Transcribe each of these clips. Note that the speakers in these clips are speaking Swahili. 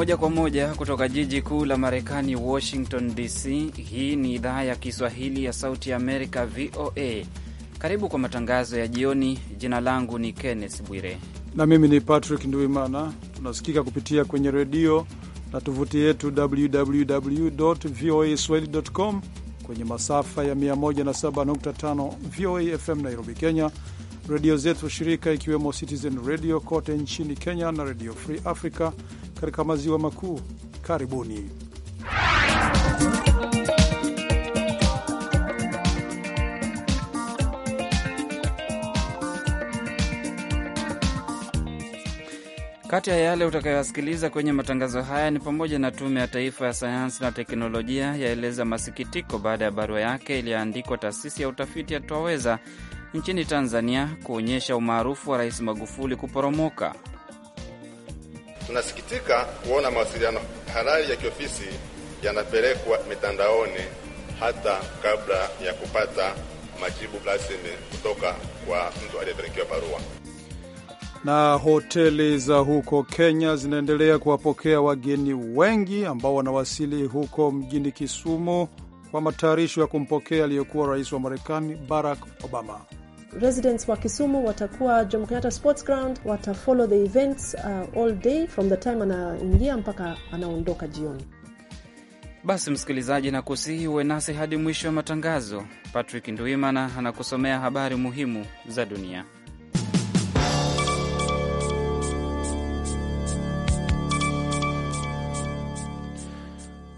Moja kwa moja kutoka jiji kuu la Marekani, Washington DC. Hii ni idhaa ya Kiswahili ya Sauti ya Amerika, VOA. Karibu kwa matangazo ya jioni. Jina langu ni Kenneth Bwire na mimi ni Patrick Nduimana. Tunasikika kupitia kwenye redio na tovuti yetu www voa swahili com, kwenye masafa ya 107.5 VOA FM Nairobi, Kenya, redio zetu shirika ikiwemo Citizen Radio kote nchini Kenya na Redio Free Africa katika maziwa makuu. Karibuni. Kati ya yale utakayoyasikiliza kwenye matangazo haya ni pamoja na Tume ya Taifa ya Sayansi na Teknolojia yaeleza masikitiko baada ya barua yake iliyoandikwa taasisi ya utafiti ya Twaweza nchini Tanzania kuonyesha umaarufu wa Rais Magufuli kuporomoka. Tunasikitika kuona mawasiliano halali ya kiofisi yanapelekwa mitandaoni hata kabla ya kupata majibu rasmi kutoka kwa mtu aliyepelekewa barua. Na hoteli za huko Kenya zinaendelea kuwapokea wageni wengi ambao wanawasili huko mjini Kisumu kwa matayarisho ya kumpokea aliyekuwa rais wa Marekani Barack Obama residents wa Kisumu watakuwa Jomo Kenyatta Sports Ground, watafollow the events uh, all day from the time anaingia mpaka anaondoka jioni. Basi msikilizaji, na kusihi uwe nasi hadi mwisho wa matangazo. Patrick Nduimana anakusomea habari muhimu za dunia.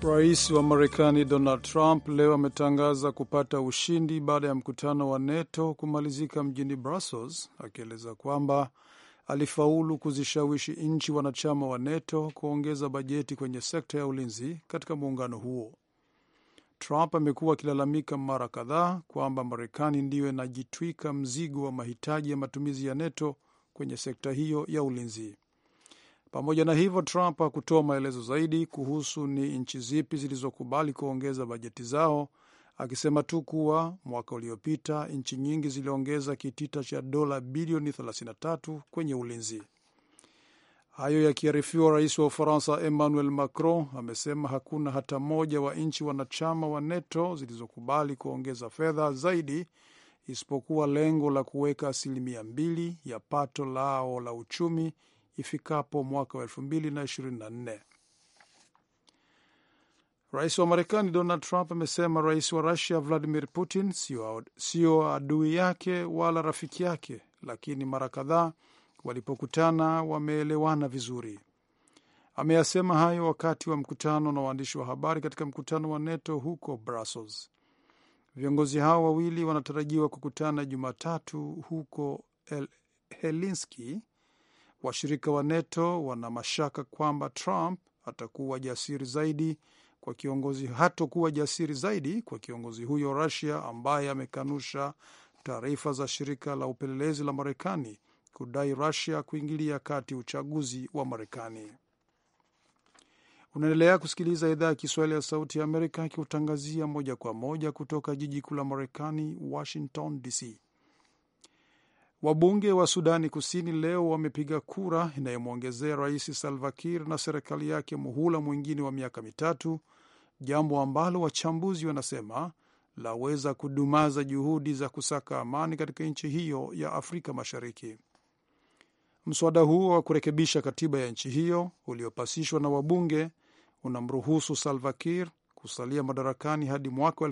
Rais wa Marekani Donald Trump leo ametangaza kupata ushindi baada ya mkutano wa NATO kumalizika mjini Brussels, akieleza kwamba alifaulu kuzishawishi nchi wanachama wa NATO kuongeza bajeti kwenye sekta ya ulinzi katika muungano huo. Trump amekuwa akilalamika mara kadhaa kwamba Marekani ndiyo inajitwika mzigo wa mahitaji ya matumizi ya NATO kwenye sekta hiyo ya ulinzi. Pamoja na hivyo, Trump hakutoa maelezo zaidi kuhusu ni nchi zipi zilizokubali kuongeza bajeti zao, akisema tu kuwa mwaka uliopita nchi nyingi ziliongeza kitita cha dola bilioni 33 kwenye ulinzi. Hayo yakiarifiwa, rais wa Ufaransa Emmanuel Macron amesema hakuna hata moja wa nchi wanachama wa NATO zilizokubali kuongeza fedha zaidi isipokuwa lengo la kuweka asilimia mbili ya pato lao la uchumi ifikapo mwaka wa elfu mbili na ishirini na nne. Rais wa Marekani Donald Trump amesema rais wa Rusia Vladimir Putin sio adui yake wala rafiki yake, lakini mara kadhaa walipokutana wameelewana vizuri. Ameyasema hayo wakati wa mkutano na waandishi wa habari katika mkutano wa NATO huko Brussels. Viongozi hao wawili wanatarajiwa kukutana Jumatatu huko Helsinki Washirika wa NATO wana mashaka kwamba Trump atakuwa jasiri zaidi kwa kiongozi hatakuwa jasiri zaidi kwa kiongozi huyo rasia ambaye amekanusha taarifa za shirika la upelelezi la Marekani kudai rasia kuingilia kati uchaguzi wa Marekani. Unaendelea kusikiliza idhaa ya Kiswahili ya Sauti ya Amerika akiutangazia moja kwa moja kutoka jiji kuu la Marekani, Washington DC. Wabunge wa Sudani Kusini leo wamepiga kura inayomwongezea Rais Salva Kiir na serikali yake muhula mwingine wa miaka mitatu, jambo ambalo wachambuzi wanasema laweza kudumaza juhudi za kusaka amani katika nchi hiyo ya Afrika Mashariki. Mswada huo wa kurekebisha katiba ya nchi hiyo uliopasishwa na wabunge unamruhusu Salva Kiir kusalia madarakani hadi mwaka wa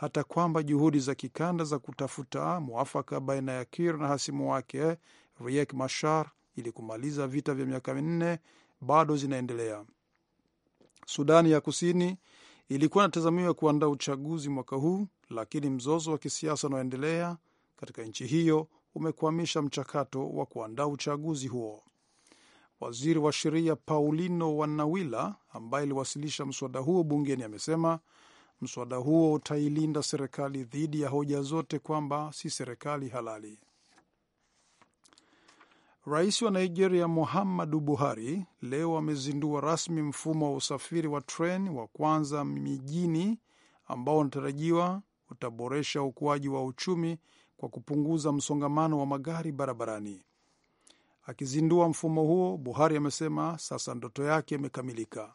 hata kwamba juhudi za kikanda za kutafuta mwafaka baina ya Kir na hasimu wake Riek Mashar ili kumaliza vita vya miaka minne bado zinaendelea. Sudani ya Kusini ilikuwa inatazamiwa kuandaa uchaguzi mwaka huu, lakini mzozo wa kisiasa unaoendelea katika nchi hiyo umekwamisha mchakato wa kuandaa uchaguzi huo. Waziri wa sheria Paulino Wanawila, ambaye aliwasilisha mswada huo bungeni, amesema Mswada huo utailinda serikali dhidi ya hoja zote kwamba si serikali halali. Rais wa Nigeria Muhammadu Buhari leo amezindua rasmi mfumo wa usafiri wa treni wa kwanza mijini ambao unatarajiwa utaboresha ukuaji wa uchumi kwa kupunguza msongamano wa magari barabarani. Akizindua mfumo huo, Buhari amesema sasa ndoto yake imekamilika.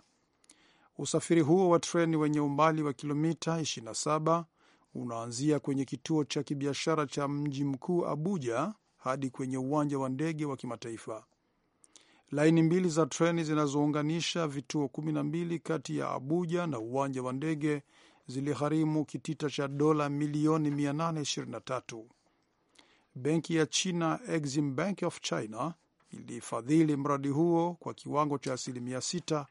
Usafiri huo wa treni wenye umbali wa kilomita 27 unaanzia kwenye kituo cha kibiashara cha mji mkuu Abuja hadi kwenye uwanja wa ndege wa kimataifa. Laini mbili za treni zinazounganisha vituo 12 kati ya Abuja na uwanja wa ndege ziligharimu kitita cha dola milioni 823. Benki ya China Exim Bank of China ilifadhili mradi huo kwa kiwango cha asilimia 6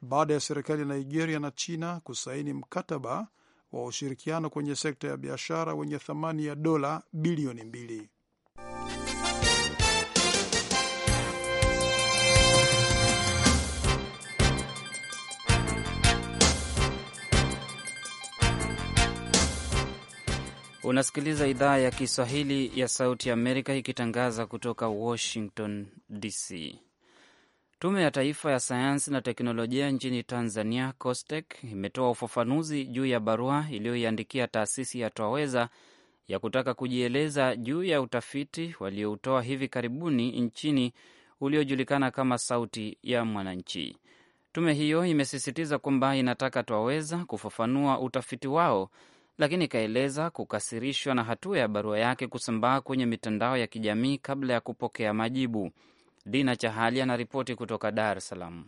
baada ya serikali ya Nigeria na China kusaini mkataba wa ushirikiano kwenye sekta ya biashara wenye thamani ya dola bilioni mbili. Unasikiliza idhaa ya Kiswahili ya Sauti ya Amerika ikitangaza kutoka Washington DC. Tume ya Taifa ya Sayansi na Teknolojia nchini Tanzania, costec imetoa ufafanuzi juu ya barua iliyoiandikia taasisi ya Twaweza ya kutaka kujieleza juu ya utafiti walioutoa hivi karibuni nchini uliojulikana kama Sauti ya Mwananchi. Tume hiyo imesisitiza kwamba inataka Twaweza kufafanua utafiti wao, lakini ikaeleza kukasirishwa na hatua ya barua yake kusambaa kwenye mitandao ya kijamii kabla ya kupokea majibu. Dina Chahali anaripoti kutoka Dar es Salaam.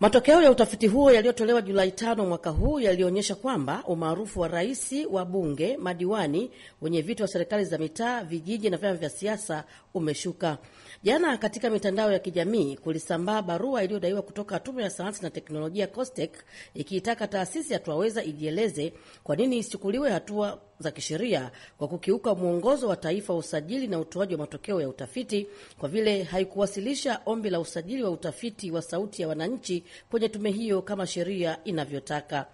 Matokeo ya utafiti huo yaliyotolewa Julai tano mwaka huu yalionyesha kwamba umaarufu wa rais, wabunge, madiwani, wenye viti wa serikali za mitaa, vijiji na vyama vya siasa umeshuka. Jana katika mitandao ya kijamii kulisambaa barua iliyodaiwa kutoka Tume ya Sayansi na Teknolojia COSTECH ikiitaka taasisi ya Twaweza ijieleze kwa nini isichukuliwe hatua za kisheria kwa kukiuka mwongozo wa taifa wa usajili na utoaji wa matokeo ya utafiti kwa vile haikuwasilisha ombi la usajili wa utafiti wa Sauti ya Wananchi kwenye tume hiyo kama sheria inavyotaka.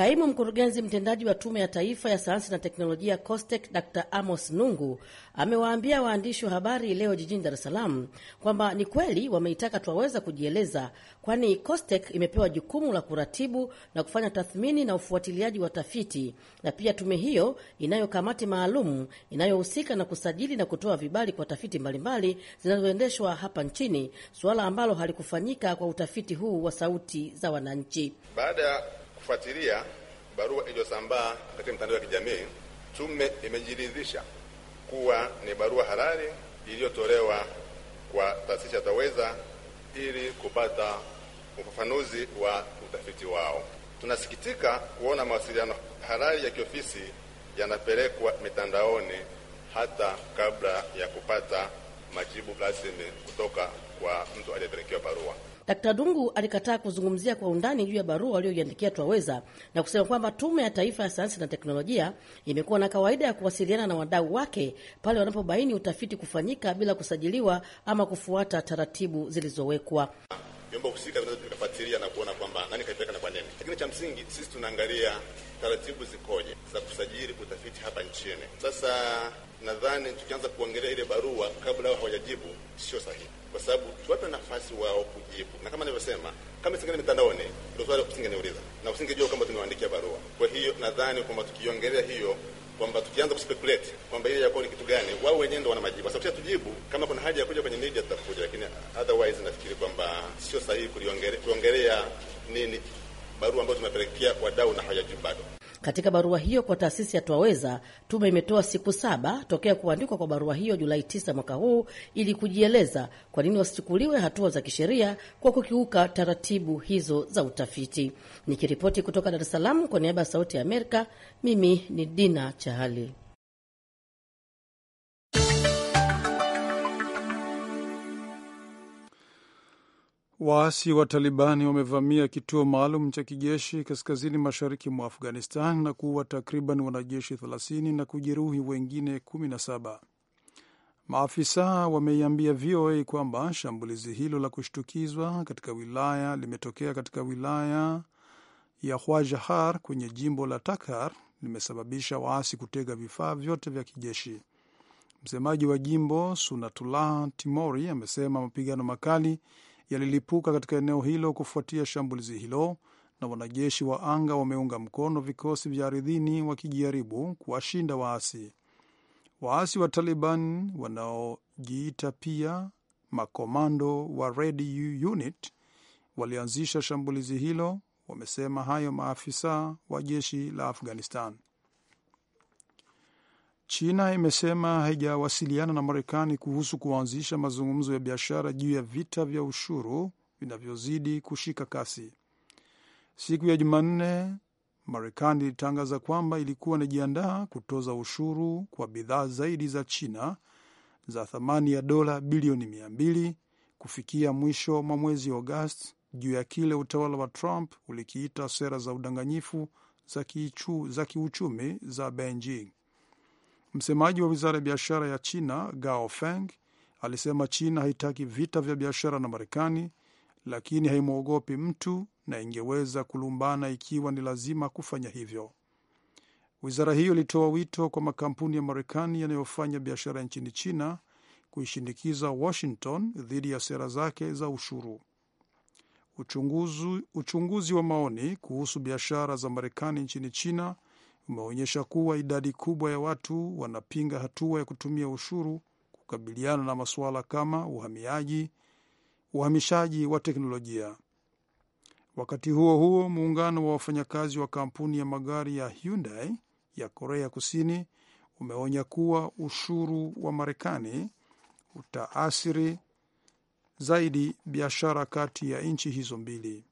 Kaimu mkurugenzi mtendaji wa Tume ya Taifa ya Sayansi na Teknolojia COSTECH Dr. Amos Nungu amewaambia waandishi wa habari leo jijini Dar es Salaam kwamba ni kweli wameitaka Twaweza kujieleza, kwani COSTECH imepewa jukumu la kuratibu na kufanya tathmini na ufuatiliaji wa tafiti, na pia tume hiyo inayo kamati maalum inayohusika na kusajili na kutoa vibali kwa tafiti mbalimbali zinazoendeshwa hapa nchini, suala ambalo halikufanyika kwa utafiti huu wa sauti za wananchi. Baada Kufuatilia barua iliyosambaa katika mitandao ya kijamii, tume imejiridhisha kuwa ni barua halali iliyotolewa kwa taasisi ya TAWEZA ili kupata ufafanuzi wa utafiti wao. Tunasikitika kuona mawasiliano halali ya kiofisi yanapelekwa mitandaoni hata kabla ya kupata majibu rasmi kutoka kwa mtu aliyepelekewa barua. Dkt. Dungu alikataa kuzungumzia kwa undani juu ya barua walioiandikia Twaweza na kusema kwamba Tume ya Taifa ya Sayansi na Teknolojia imekuwa na kawaida ya kuwasiliana na wadau wake pale wanapobaini utafiti kufanyika bila kusajiliwa ama kufuata taratibu zilizowekwa vyombo husika vinaweza vikafuatilia na kuona kwamba nani kaipeleka na kwa nini. Lakini cha msingi sisi tunaangalia taratibu zikoje za kusajili, kutafiti hapa nchini. Sasa nadhani tukianza kuongelea ile barua kabla wao hawajajibu sio sahihi, kwa sababu tuwape nafasi wao kujibu, na kama nilivyosema, kama isingene mitandaoni, ndo swali usingeniuliza na usingejua kama tumewaandikia barua. Kwa hiyo nadhani kwamba tukiongelea hiyo kwamba tukianza kuspekulate kwamba ile yakuwa ni kitu gani, wao wenyewe ndo wana majibu. sababu tujibu kama kuna haja ya kuja kwenye media tutakuja, lakini otherwise nafikiri kwamba sio sahihi kuliongelea nini barua ambayo tumepelekea wadau na hawajajibu bado. Katika barua hiyo kwa taasisi ya Twaweza, tume imetoa siku saba tokea kuandikwa kwa barua hiyo Julai 9 mwaka huu ili kujieleza kwa nini wasichukuliwe hatua za kisheria kwa kukiuka taratibu hizo za utafiti. Nikiripoti kutoka Dar es Salaam kwa niaba ya Sauti ya Amerika, mimi ni Dina Chahali. Waasi wa Talibani wamevamia kituo maalum cha kijeshi kaskazini mashariki mwa Afghanistan na kuua takriban wanajeshi 30 na kujeruhi wengine 17. Maafisa wameiambia VOA kwamba shambulizi hilo la kushtukizwa katika wilaya limetokea katika wilaya ya Hwajahar kwenye jimbo la Takhar limesababisha waasi kutega vifaa vyote vya kijeshi. Msemaji wa jimbo Sunatullah Timori amesema mapigano makali yalilipuka katika eneo hilo kufuatia shambulizi hilo, na wanajeshi wa anga wameunga mkono vikosi vya ardhini wakijaribu kuwashinda waasi. Waasi wa Taliban wanaojiita pia makomando wa Red Unit walianzisha shambulizi hilo, wamesema hayo maafisa wa jeshi la Afghanistan. China imesema haijawasiliana na Marekani kuhusu kuanzisha mazungumzo ya biashara juu ya vita vya ushuru vinavyozidi kushika kasi. Siku ya Jumanne, Marekani ilitangaza kwamba ilikuwa inajiandaa kutoza ushuru kwa bidhaa zaidi za China za thamani ya dola bilioni mia mbili kufikia mwisho mwa mwezi Agosti juu ya kile utawala wa Trump ulikiita sera za udanganyifu za kiuchumi za Beijing. Msemaji wa wizara ya biashara ya China Gao Feng alisema China haitaki vita vya biashara na Marekani, lakini haimwogopi mtu na ingeweza kulumbana ikiwa ni lazima kufanya hivyo. Wizara hiyo ilitoa wito kwa makampuni ya Marekani yanayofanya biashara nchini China kuishinikiza Washington dhidi ya sera zake za ushuru. Uchunguzi, uchunguzi wa maoni kuhusu biashara za Marekani nchini China umeonyesha kuwa idadi kubwa ya watu wanapinga hatua ya kutumia ushuru kukabiliana na masuala kama uhamiaji, uhamishaji wa teknolojia. Wakati huo huo, muungano wa wafanyakazi wa kampuni ya magari ya Hyundai ya Korea Kusini umeonya kuwa ushuru wa Marekani utaathiri zaidi biashara kati ya nchi hizo mbili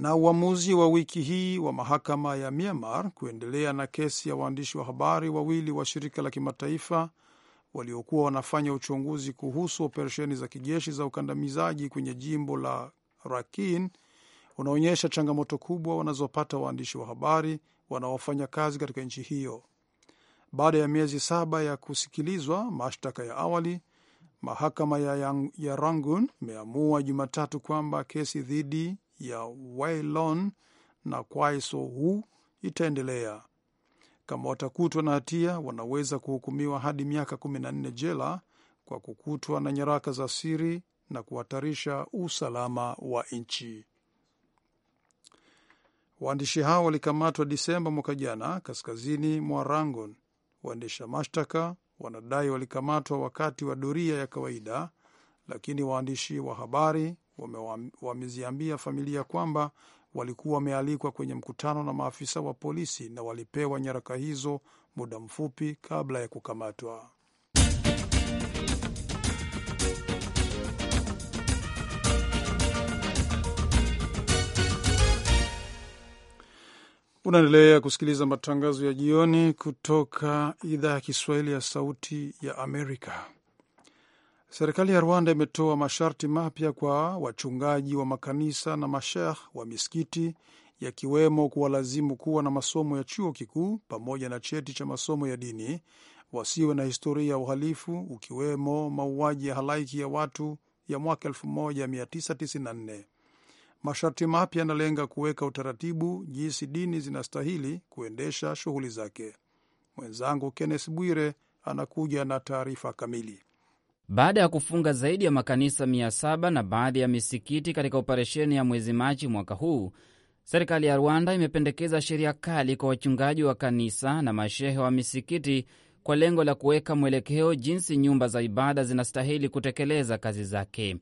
na uamuzi wa wiki hii wa mahakama ya Myanmar kuendelea na kesi ya waandishi wa habari wawili wa shirika la kimataifa waliokuwa wanafanya uchunguzi kuhusu operesheni za kijeshi za ukandamizaji kwenye jimbo la Rakhine unaonyesha changamoto kubwa wanazopata waandishi wa habari wanaofanya kazi katika nchi hiyo. Baada ya miezi saba ya kusikilizwa mashtaka ya awali, mahakama ya, ya Rangun imeamua Jumatatu kwamba kesi dhidi ya Wailon na Kwaiso Hu itaendelea. Kama watakutwa na hatia, wanaweza kuhukumiwa hadi miaka 14 jela kwa kukutwa na nyaraka za siri na kuhatarisha usalama wa nchi. Waandishi hao walikamatwa Disemba mwaka jana kaskazini mwa Rangon. Waendesha mashtaka wanadai walikamatwa wakati wa doria ya kawaida, lakini waandishi wa habari wameziambia familia kwamba walikuwa wamealikwa kwenye mkutano na maafisa wa polisi na walipewa nyaraka hizo muda mfupi kabla ya kukamatwa. Unaendelea kusikiliza matangazo ya jioni kutoka idhaa ya Kiswahili ya Sauti ya Amerika. Serikali ya Rwanda imetoa masharti mapya kwa wachungaji wa makanisa na mashekh wa misikiti yakiwemo kuwalazimu kuwa na masomo ya chuo kikuu pamoja na cheti cha masomo ya dini, wasiwe na historia ya uhalifu ukiwemo mauaji ya halaiki ya watu ya mwaka 1994. Masharti mapya yanalenga kuweka utaratibu jinsi dini zinastahili kuendesha shughuli zake. Mwenzangu kennes Bwire anakuja na taarifa kamili baada ya kufunga zaidi ya makanisa 700 na baadhi ya misikiti katika operesheni ya mwezi Machi mwaka huu. Serikali ya Rwanda imependekeza sheria kali kwa wachungaji wa kanisa na mashehe wa misikiti kwa lengo la kuweka mwelekeo jinsi nyumba za ibada zinastahili kutekeleza kazi zake.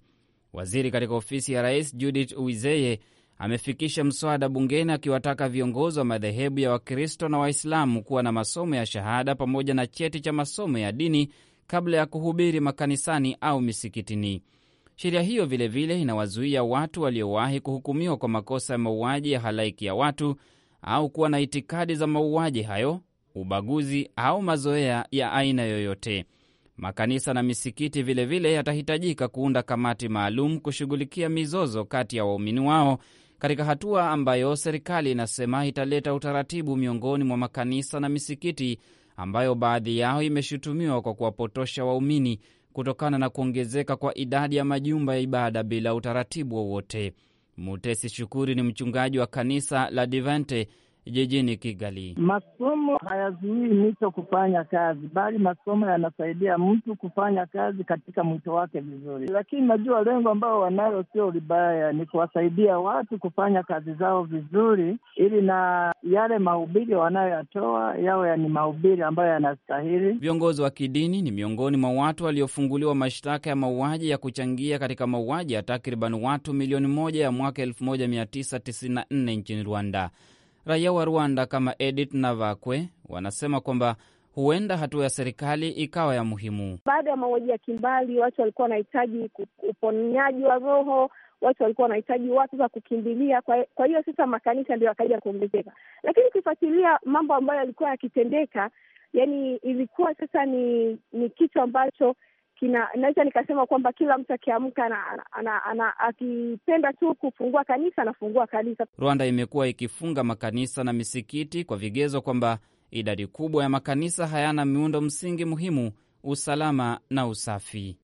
Waziri katika ofisi ya rais Judith Uwizeye amefikisha mswada bungeni akiwataka viongozi wa madhehebu ya Wakristo na Waislamu kuwa na masomo ya shahada pamoja na cheti cha masomo ya dini kabla ya kuhubiri makanisani au misikitini. Sheria hiyo vilevile inawazuia watu waliowahi kuhukumiwa kwa makosa ya mauaji ya halaiki ya watu au kuwa na itikadi za mauaji hayo, ubaguzi au mazoea ya aina yoyote. Makanisa na misikiti vilevile yatahitajika kuunda kamati maalum kushughulikia mizozo kati ya waumini wao, katika hatua ambayo serikali inasema italeta utaratibu miongoni mwa makanisa na misikiti ambayo baadhi yao imeshutumiwa kwa kuwapotosha waumini kutokana na kuongezeka kwa idadi ya majumba ya ibada bila utaratibu wowote. Mutesi Shukuri ni mchungaji wa kanisa la divente jijini Kigali. Masomo hayazuii mito kufanya kazi, bali masomo yanasaidia mtu kufanya kazi katika mwito wake vizuri. Lakini najua lengo ambao wanayo sio libaya, ni kuwasaidia watu kufanya kazi zao vizuri, ili na yale mahubiri wanayoyatoa yawe ni mahubiri ambayo yanastahili. Viongozi wa kidini ni miongoni mwa watu waliofunguliwa mashtaka ya mauaji ya kuchangia katika mauaji ya takriban watu milioni moja ya mwaka 1994 nchini Rwanda. Raia wa Rwanda kama Edith Navakwe wanasema kwamba huenda hatua ya serikali ikawa ya muhimu. Baada ya mauaji ya kimbali, watu walikuwa wanahitaji uponyaji wa roho, watu walikuwa wanahitaji watu za kukimbilia. Kwa, hiyo sasa makanisa ndio yakaja kuongezeka, lakini ukifuatilia mambo ambayo yalikuwa yakitendeka, yani ilikuwa sasa ni, ni kitu ambacho kina naweza nikasema kwamba kila mtu akiamka na akipenda tu kufungua kanisa anafungua kanisa. Rwanda imekuwa ikifunga makanisa na misikiti kwa vigezo kwamba idadi kubwa ya makanisa hayana miundo msingi muhimu, usalama na usafi.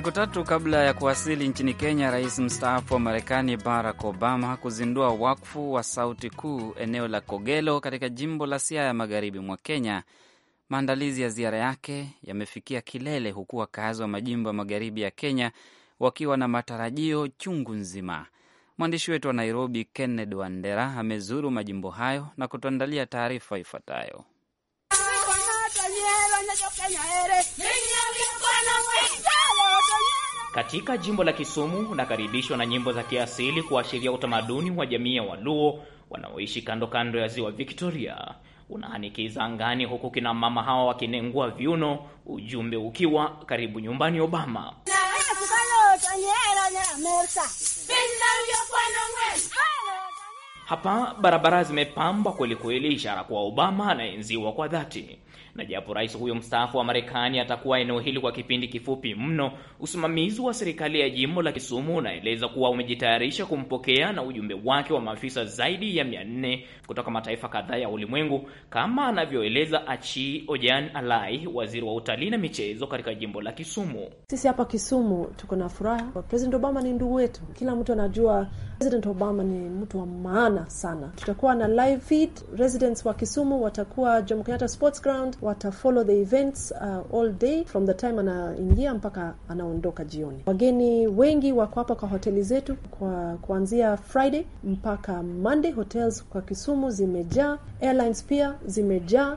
Siku tatu kabla ya kuwasili nchini Kenya, rais mstaafu wa Marekani Barack Obama kuzindua wakfu wa Sauti Kuu eneo la Kogelo katika jimbo la Siaya, magharibi mwa Kenya, maandalizi ya ziara yake yamefikia kilele, huku wakazi wa majimbo ya magharibi ya Kenya wakiwa na matarajio chungu nzima. Mwandishi wetu wa Nairobi, kenned Wandera, amezuru majimbo hayo na kutuandalia taarifa ifuatayo. Katika jimbo la Kisumu unakaribishwa na nyimbo za kiasili kuashiria utamaduni wa jamii ya Waluo wanaoishi kando kando ya ziwa Victoria. Unaanikiza angani huku kina mama hawa wakinengua viuno, ujumbe ukiwa karibu nyumbani Obama. Hapa barabara zimepambwa kwelikweli, ishara kuwa Obama anaenziwa kwa dhati na japo rais huyo mstaafu wa Marekani atakuwa eneo hili kwa kipindi kifupi mno, usimamizi wa serikali ya jimbo la Kisumu unaeleza kuwa umejitayarisha kumpokea na ujumbe wake wa maafisa zaidi ya 400 kutoka mataifa kadhaa ya ulimwengu, kama anavyoeleza Achi Ojan Alai, waziri wa utalii na michezo katika jimbo la Kisumu. Sisi hapa Kisumu tuko na furaha. President Obama ni ndugu wetu, kila mtu anajua President Obama ni mtu wa maana sana. Tutakuwa na live feed, residents wa Kisumu watakuwa Jomo Kenyatta Sports Ground wata the events uh, all day from the time anaingia mpaka anaondoka jioni. Wageni wengi wako hapa kwa hoteli zetu kwa kuanzia Friday mpaka Monday. Hotels kwa Kisumu zimejaa, airlines pia zimejaa.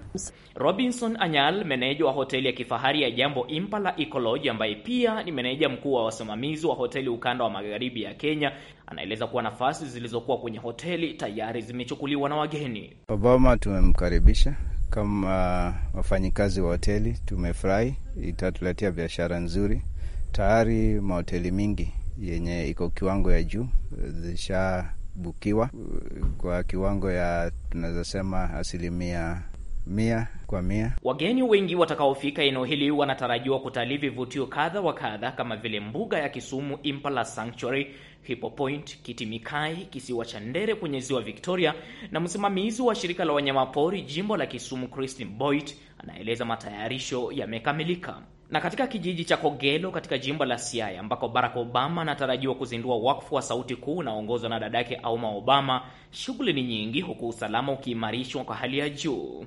Robinson Anyal, meneja wa hoteli ya kifahari ya Jambo Impala Ecology, ambaye pia ni meneja mkuu wa wasimamizi wa hoteli ukanda wa magharibi ya Kenya, anaeleza kuwa nafasi zilizokuwa kwenye hoteli tayari zimechukuliwa na wageni. Obama tumemkaribisha kama uh, wafanyikazi wa hoteli tumefurahi, itatuletea biashara nzuri. Tayari mahoteli mingi yenye iko kiwango ya juu uh, zishabukiwa uh, kwa kiwango ya tunaweza sema asilimia mia kwa mia. Wageni wengi watakaofika eneo hili wanatarajiwa kutalii vivutio kadha wa kadha kama vile mbuga ya Kisumu Impala Sanctuary, Hippo Point, Kitimikai, kisiwa cha Ndere kwenye ziwa Victoria. Na msimamizi wa shirika la wanyamapori jimbo la Kisumu Christine boyt anaeleza matayarisho yamekamilika. Na katika kijiji cha Kogelo katika jimbo la Siaya ambako Barack Obama anatarajiwa kuzindua wakfu wa Sauti Kuu unaoongozwa na dadake Auma Obama, shughuli ni nyingi, huku usalama ukiimarishwa kwa hali ya juu.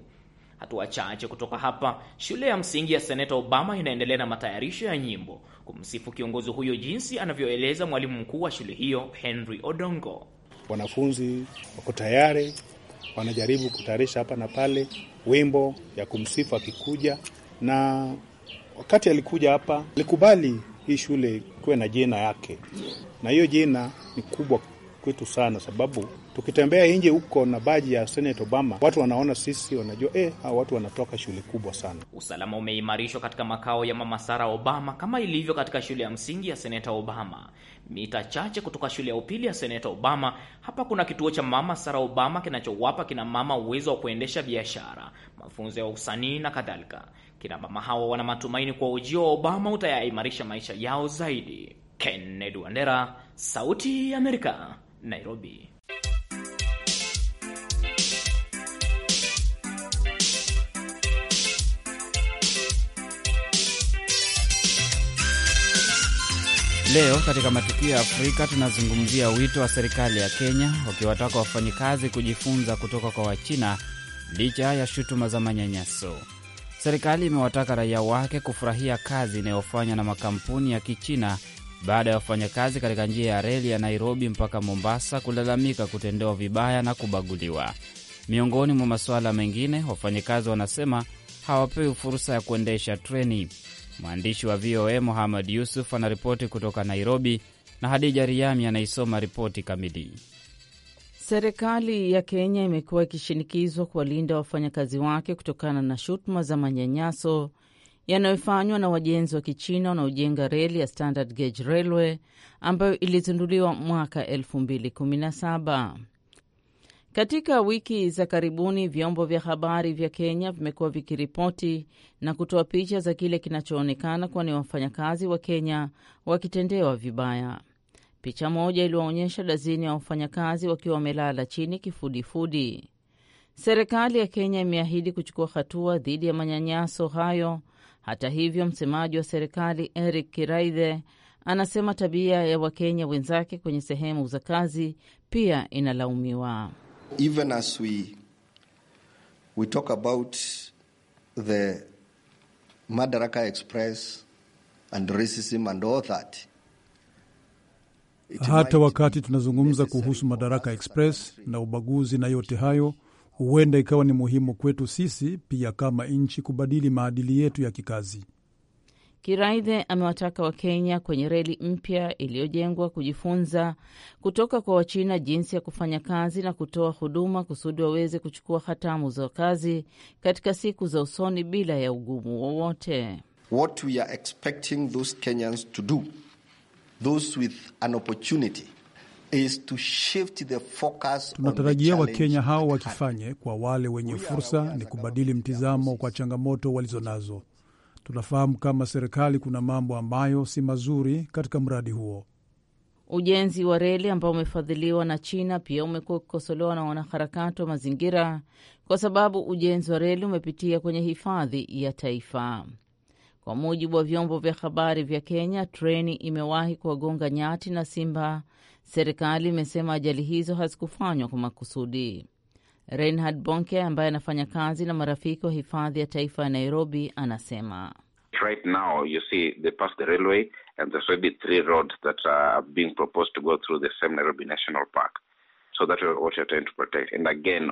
Hatua chache kutoka hapa, shule ya msingi ya seneta Obama inaendelea na matayarisho ya nyimbo kumsifu kiongozi huyo, jinsi anavyoeleza mwalimu mkuu wa shule hiyo Henry Odongo. Wanafunzi wako tayari, wanajaribu kutayarisha hapa na pale wimbo ya kumsifu akikuja, na wakati alikuja hapa alikubali hii shule kuwe na jina yake, na hiyo jina ni kubwa kwetu sana, sababu Tukitembea nje huko na baji ya Senate Obama, watu wanaona sisi, wanajua eh, hawa watu wanatoka shule kubwa sana. Usalama umeimarishwa katika makao ya Mama Sara Obama kama ilivyo katika shule ya msingi ya Seneta Obama, mita chache kutoka shule ya upili ya Seneta Obama. Hapa kuna kituo cha Mama Sara Obama kinachowapa kina mama uwezo wa kuendesha biashara, mafunzo ya usanii na kadhalika. Kina mama hawa wana matumaini kwa ujio wa Obama utayaimarisha maisha yao zaidi. Kennedy Wandera, Sauti ya Amerika, Nairobi. Leo katika matukio ya Afrika tunazungumzia wito wa serikali ya Kenya wakiwataka wafanyikazi kujifunza kutoka kwa Wachina licha ya shutuma za manyanyaso. Serikali imewataka raia wake kufurahia kazi inayofanywa na makampuni ya Kichina baada ya wafanyakazi katika njia ya reli ya Nairobi mpaka Mombasa kulalamika kutendewa vibaya na kubaguliwa. Miongoni mwa masuala mengine, wafanyakazi wanasema hawapewi fursa ya kuendesha treni. Mwandishi wa VOA Muhamad Yusuf anaripoti kutoka Nairobi na Hadija Riami anaisoma ripoti kamili. Serikali ya Kenya imekuwa ikishinikizwa kuwalinda wafanyakazi wake kutokana na shutuma za manyanyaso yanayofanywa na wajenzi wa Kichina wanaojenga reli ya Standard Gauge Railway ambayo ilizinduliwa mwaka katika wiki za karibuni vyombo vya habari vya Kenya vimekuwa vikiripoti na kutoa picha za kile kinachoonekana kuwa ni wafanyakazi wa Kenya wakitendewa vibaya. Picha moja iliwaonyesha dazini ya wafanyakazi wakiwa wamelala chini kifudifudi. Serikali ya Kenya imeahidi kuchukua hatua dhidi ya manyanyaso hayo. Hata hivyo, msemaji wa serikali Eric Kiraithe anasema tabia ya Wakenya wenzake kwenye sehemu za kazi pia inalaumiwa even as we we talk about the Madaraka Express and racism and all that. Hata wakati tunazungumza kuhusu Madaraka Express na ubaguzi na yote hayo, huenda ikawa ni muhimu kwetu sisi pia kama nchi kubadili maadili yetu ya kikazi. Kiraithe amewataka Wakenya kwenye reli mpya iliyojengwa kujifunza kutoka kwa Wachina jinsi ya kufanya kazi na kutoa huduma kusudi waweze kuchukua hatamu za kazi katika siku za usoni bila ya ugumu wowote. What we are expecting those Kenyans to do, those with an opportunity Tunatarajia Wakenya hao wakifanye, kwa wale wenye fursa ni kubadili mtizamo kwa changamoto walizonazo. Tunafahamu kama serikali kuna mambo ambayo si mazuri katika mradi huo. Ujenzi wa reli ambao umefadhiliwa na China pia umekuwa ukikosolewa na wanaharakati wa mazingira kwa sababu ujenzi wa reli umepitia kwenye hifadhi ya taifa. Kwa mujibu wa vyombo vya habari vya Kenya, treni imewahi kuwagonga nyati na simba. Serikali imesema ajali hizo hazikufanywa kwa makusudi. Reinhard Bonke ambaye anafanya kazi na marafiki wa hifadhi ya taifa ya Nairobi anasema right now you see they pass the railway and three roads that are being proposed to go through the same Nairobi National Park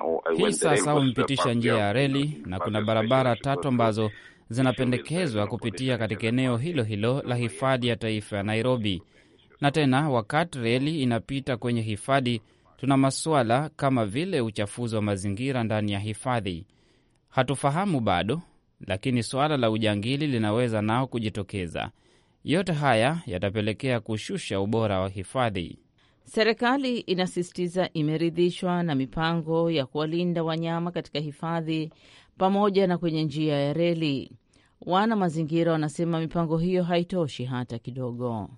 oh, hii sasa wamepitisha njia ya reli na kuna barabara tatu ambazo zinapendekezwa kupitia katika eneo hilo hilo la hifadhi ya taifa ya Nairobi na tena wakati reli inapita kwenye hifadhi Tuna masuala kama vile uchafuzi wa mazingira ndani ya hifadhi, hatufahamu bado, lakini suala la ujangili linaweza nao kujitokeza. Yote haya yatapelekea kushusha ubora wa hifadhi. Serikali inasisitiza imeridhishwa na mipango ya kuwalinda wanyama katika hifadhi pamoja na kwenye njia ya reli. Wana mazingira wanasema mipango hiyo haitoshi hata kidogo.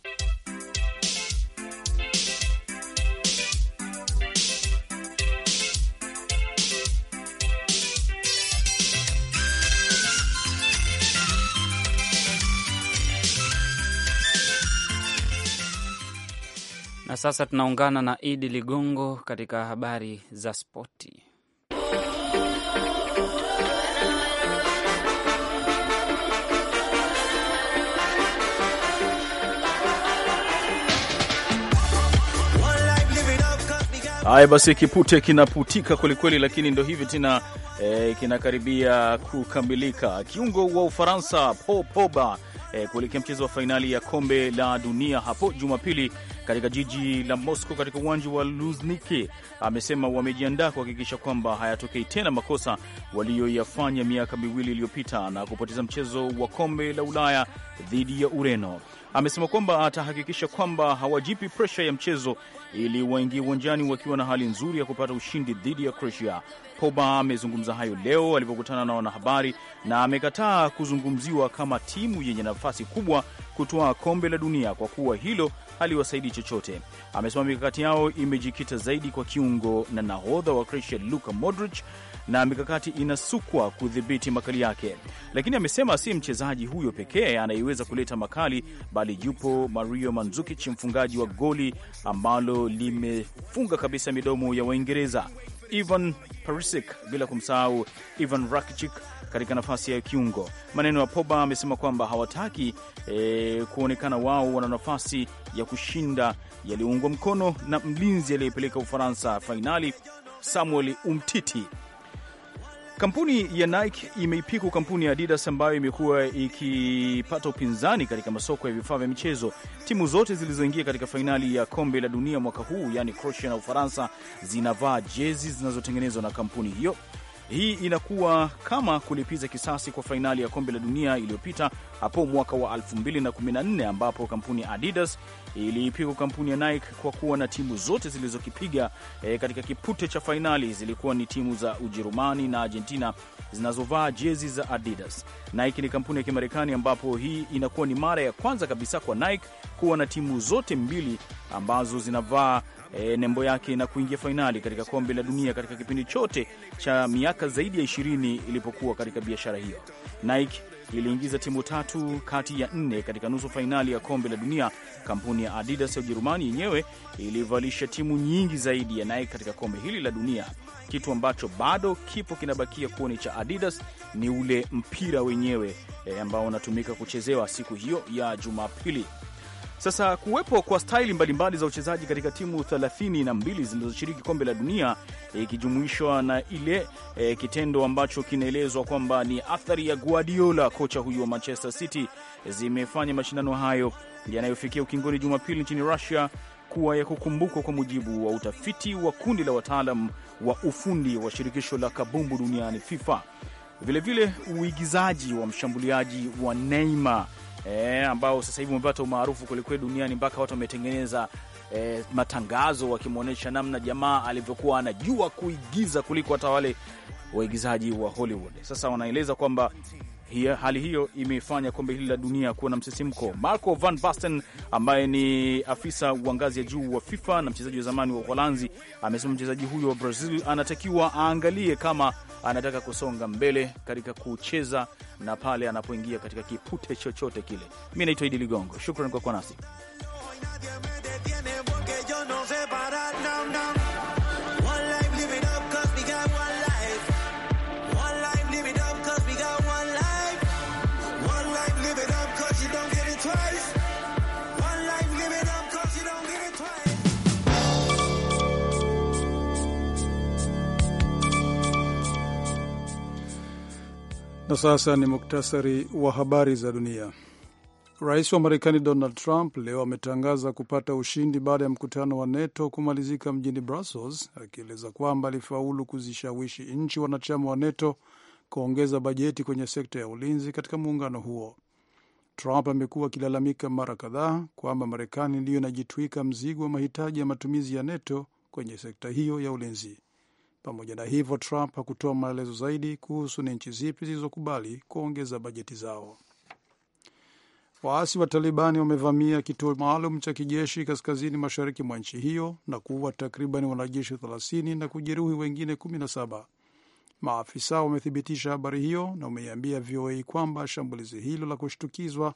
sasa tunaungana na Idi Ligongo katika habari za spoti. Haya basi, kipute kinaputika kwelikweli, lakini ndo hivi tena eh, kinakaribia kukamilika. Kiungo wa Ufaransa Paul Pogba eh, kuelekea mchezo wa fainali ya kombe la dunia hapo Jumapili katika jiji la Moscow katika uwanja wa Luzniki. Amesema wamejiandaa kuhakikisha kwamba hayatokei tena makosa waliyoyafanya miaka miwili iliyopita na kupoteza mchezo wa kombe la Ulaya dhidi ya Ureno. Amesema kwamba atahakikisha kwamba hawajipi presha ya mchezo ili waingie uwanjani wakiwa na hali nzuri ya kupata ushindi dhidi ya Croatia koba amezungumza hayo leo alipokutana na wanahabari na amekataa kuzungumziwa kama timu yenye nafasi kubwa kutoa kombe la dunia kwa kuwa hilo haliwasaidi chochote. Amesema mikakati yao imejikita zaidi kwa kiungo na nahodha wa Croatia Luka Modric na mikakati inasukwa kudhibiti makali yake, lakini amesema si mchezaji huyo pekee anayeweza kuleta makali, bali yupo Mario Mandzukic, mfungaji wa goli ambalo limefunga kabisa midomo ya Waingereza. Ivan Perisic, bila kumsahau Ivan Rakitic katika nafasi ya kiungo. Maneno ya Pogba amesema kwamba hawataki e, kuonekana wao wana nafasi ya kushinda yaliyoungwa mkono na mlinzi aliyepeleka Ufaransa fainali Samuel Umtiti Kampuni ya Nike imeipiku kampuni ya Adidas ambayo imekuwa ikipata upinzani katika masoko ya vifaa vya michezo. Timu zote zilizoingia katika fainali ya kombe la dunia mwaka huu, yaani Croatia na Ufaransa, zinavaa jezi zinazotengenezwa na kampuni hiyo. Hii inakuwa kama kulipiza kisasi kwa fainali ya kombe la dunia iliyopita hapo mwaka wa 2014 ambapo kampuni ya Adidas iliipigwa kampuni ya Nike kwa kuwa na timu zote zilizokipiga e, katika kipute cha fainali zilikuwa ni timu za Ujerumani na Argentina zinazovaa jezi za Adidas. Nike ni kampuni ya Kimarekani ambapo hii inakuwa ni mara ya kwanza kabisa kwa Nike kuwa na timu zote mbili ambazo zinavaa e, nembo yake na kuingia fainali katika kombe la dunia katika kipindi chote cha miaka zaidi ya ishirini ilipokuwa katika biashara hiyo. Nike iliingiza timu tatu kati ya nne katika nusu fainali ya kombe la dunia. Kampuni ya Adidas ya Ujerumani yenyewe ilivalisha timu nyingi zaidi ya Nike katika kombe hili la dunia. Kitu ambacho bado kipo kinabakia kuoni cha Adidas ni ule mpira wenyewe e, ambao unatumika kuchezewa siku hiyo ya Jumapili. Sasa kuwepo kwa staili mbalimbali za uchezaji katika timu 32 zilizoshiriki kombe la dunia ikijumuishwa e, na ile e, kitendo ambacho kinaelezwa kwamba ni athari ya Guardiola, kocha huyu wa Manchester City, zimefanya mashindano hayo yanayofikia ukingoni Jumapili nchini Russia kuwa ya kukumbukwa kwa mujibu wa utafiti wa kundi la wataalam wa ufundi wa shirikisho la kabumbu duniani FIFA. Vilevile vile, uigizaji wa mshambuliaji wa Neymar e, ambao sasa hivi umepata umaarufu kwelikweli duniani mpaka watu wametengeneza e, matangazo wakimwonyesha namna jamaa alivyokuwa anajua kuigiza kuliko hata wale waigizaji wa Hollywood. Sasa wanaeleza kwamba hiya, hali hiyo imefanya kombe hili la dunia kuwa na msisimko. Marco van Basten ambaye ni afisa wa ngazi ya juu wa FIFA na mchezaji wa zamani wa Uholanzi amesema mchezaji huyo wa Brazil anatakiwa aangalie kama anataka kusonga mbele katika kucheza na pale anapoingia katika kipute chochote kile. Mi naitwa Idi Ligongo, shukran kwa kuwa nasi. Na sasa ni muktasari wa habari za dunia. Rais wa Marekani Donald Trump leo ametangaza kupata ushindi baada ya mkutano wa NATO kumalizika mjini Brussels, akieleza kwamba alifaulu kuzishawishi nchi wanachama wa NATO kuongeza bajeti kwenye sekta ya ulinzi katika muungano huo. Trump amekuwa akilalamika mara kadhaa kwamba Marekani ndiyo inajitwika mzigo wa mahitaji ya matumizi ya NATO kwenye sekta hiyo ya ulinzi. Pamoja na hivyo, Trump hakutoa maelezo zaidi kuhusu ni nchi zipi zilizokubali kuongeza bajeti zao. Waasi wa Talibani wamevamia kituo maalum cha kijeshi kaskazini mashariki mwa nchi hiyo na kuua takriban wanajeshi 30 na kujeruhi wengine 17. Maafisa wamethibitisha habari hiyo na wameiambia VOA kwamba shambulizi hilo la kushtukizwa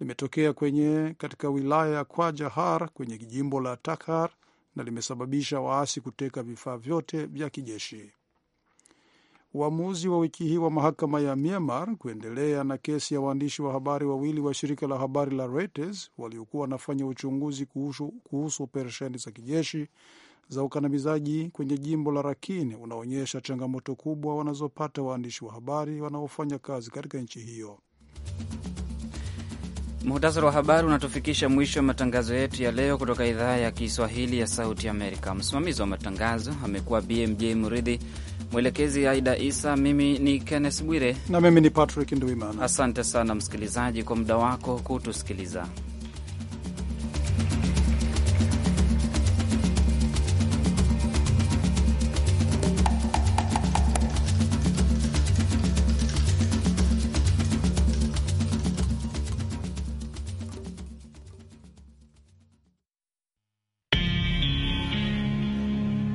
limetokea kwenye katika wilaya ya Kwa kwenye jimbo la Takhar na limesababisha waasi kuteka vifaa vyote vya kijeshi. Uamuzi wa wiki hii wa mahakama ya Myanmar kuendelea na kesi ya waandishi wa habari wawili wa shirika la habari la Reuters waliokuwa wanafanya uchunguzi kuhusu, kuhusu operesheni za kijeshi za ukandamizaji kwenye jimbo la Rakhine unaonyesha changamoto kubwa wanazopata waandishi wa habari wanaofanya kazi katika nchi hiyo. Muhtasari wa habari unatufikisha mwisho wa matangazo yetu ya leo kutoka idhaa ya Kiswahili ya Sauti Amerika. Msimamizi wa matangazo amekuwa BMJ Muridhi, mwelekezi Aida Isa, mimi ni Kenneth Bwire na mimi ni Patrick Nduimana. Asante sana msikilizaji kwa muda wako kutusikiliza.